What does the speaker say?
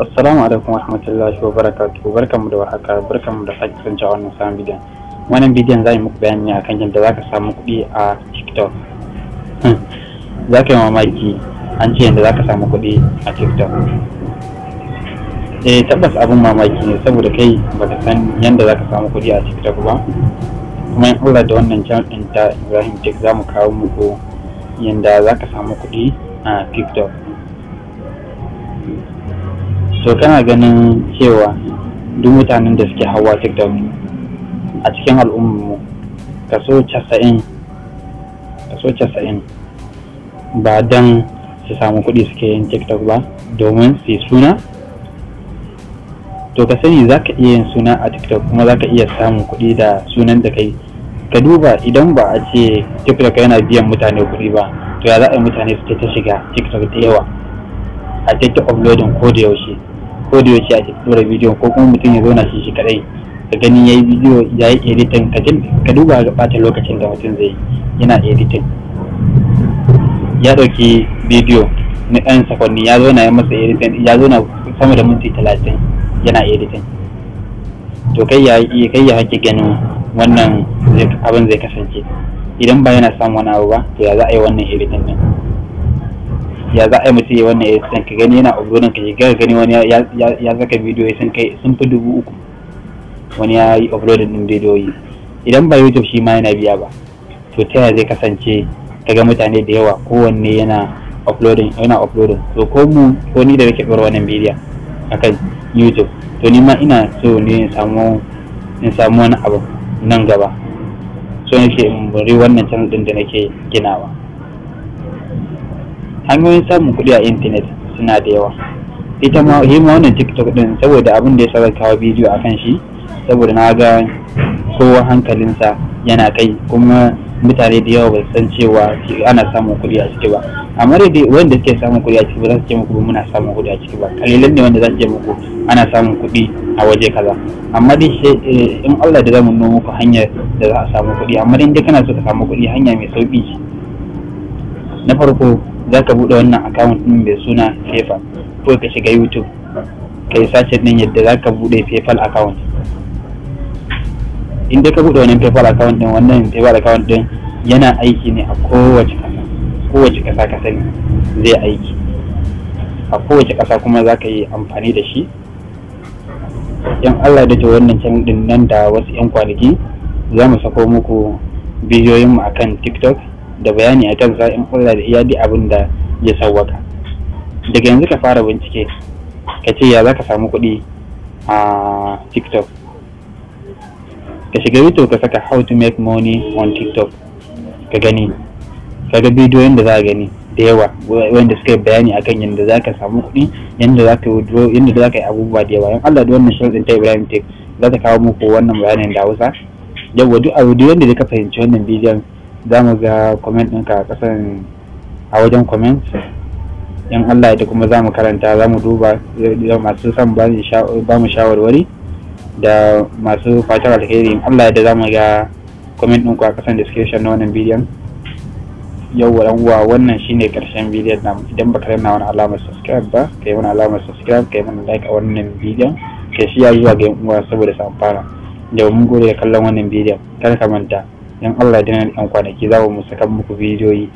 Assalamu alaikum warahmatullahi wabarakatuh barkanmu da warhaka barkanmu da sake kasance a wannan sabon bidiyon wannan bidiyon zai muku bayani akan yadda za ka samu kuɗi a TikTok hmm. za ka yi mamaki an ce yadda za ka samu kuɗi a TikTok eh tabbas abin mamaki ne saboda kai baka san yadda za ka samu kuɗi a TikTok ba kuma in Allah da wannan channel ta Ibrahim Tech za mu kawo muku yadda za ka samu kuɗi a TikTok so kana ganin cewa duk mutanen da suke hawa tiktok a cikin al'ummu kaso casa'in kaso casa'in ba don su samu kuɗi suke yin tiktok ba domin su yi suna to ka sani za ka iya yin suna a tiktok kuma za ka iya samun kuɗi da sunan da kai ka duba idan ba a ce tiktok yana biyan mutane kuɗi ba to ya za a yi mutane su ta shiga tiktok da yawa a take uploading ko da yaushe ko da yaushe a tura bidiyon ko kuma mutum ya zauna shi shi kadai ka gani yayi bidiyo ya yi editing ka ka duba ga bata lokacin da mutum zai yana editing ya dauki bidiyo na ɗan sakonni ya zauna ya masa editing ya zauna sama da minti talatin yana editing to kai ya kai ya hake ganin wannan abin zai kasance idan ba yana samun wani abu ba to ya za a yi wannan editing din ya za a yi mutu wannan ya san ka gani yana uploading ka ga gani wani ya zaka bidiyo ya san kai sun fi dubu uku wani ya yi uploading din bidiyoyi idan ba youtube shi ma yana biya ba to ta yaya zai kasance ga mutane da yawa kowanne yana uploading yana to ko mu ko ni da nake ɗora wannan bidiyo akan youtube to ni ma ina so ne in samu wani abu nan gaba so ke in bari wannan channel ɗin da nake ginawa hanyoyin samun kuɗi a intanet suna da yawa ita ma hima wannan tiktok ɗin saboda abin da ya saka kawo bidiyo a kan shi saboda na ga kowa hankalinsa yana kai kuma mutane da yawa ba san cewa ana samun kuɗi a ciki ba amma dai wanda suke samun kuɗi a ciki ba za su ce muku muna samun kuɗi a ciki ba kalilan ne wanda za su ce muku ana samun kuɗi a waje kaza amma dai eh, in Allah da zamu nuna muku hanyar da za a samu kuɗi amma dai kana so ka samu kuɗi hanya mai sauki na farko za ka buɗe wannan account ɗin mai suna fefa ko ka shiga youtube ka yi sashen ɗin yadda za ka buɗe paypal account inda ka buɗe wannan paypal account ɗin wannan paypal account ɗin yana aiki ne a kowace ƙasa kowace ƙasa ka sani zai aiki a kowace ƙasa kuma za ka yi amfani da shi yan Allah da wannan can ɗin nan da wasu yan kwanaki za mu sako muku bidiyoyinmu akan tiktok da bayani a kan in kula da iyadi abin da ya sauwaka daga yanzu ka fara bincike ka ce ya za ka samu kuɗi a tiktok ka shiga youtube ka saka how to make money on tiktok ka gani ka ga bidiyoyin da za a gani da yawa wanda suka yi bayani akan yadda za ka samu kuɗi yadda za ka yadda za ka yi abubuwa da yawa in Allah da wannan shirin ta Ibrahim Tek za ta kawo muku wannan bayanin da Hausa yawa duk a duk wanda ka fahimci wannan bidiyon za mu ga comment ɗinka a ƙasan a wajen comment in Allah ita kuma za mu karanta za mu duba masu san ba mu shawarwari da masu fatar alheri Allah da za mu ga comment ɗinku a ƙasan description na wannan bidiyon yau wa uwa wannan shine ƙarshen bidiyon na idan baka na wani alamar subscribe ba ka yi wani alamar subscribe yi mana like a wannan bidiyon kai shi ya zuwa ga yan uwa saboda su amfana da mun gode da kallon wannan bidiyon kar ka manta in Allah da nan kwanaki za mu saka muku bidiyoyi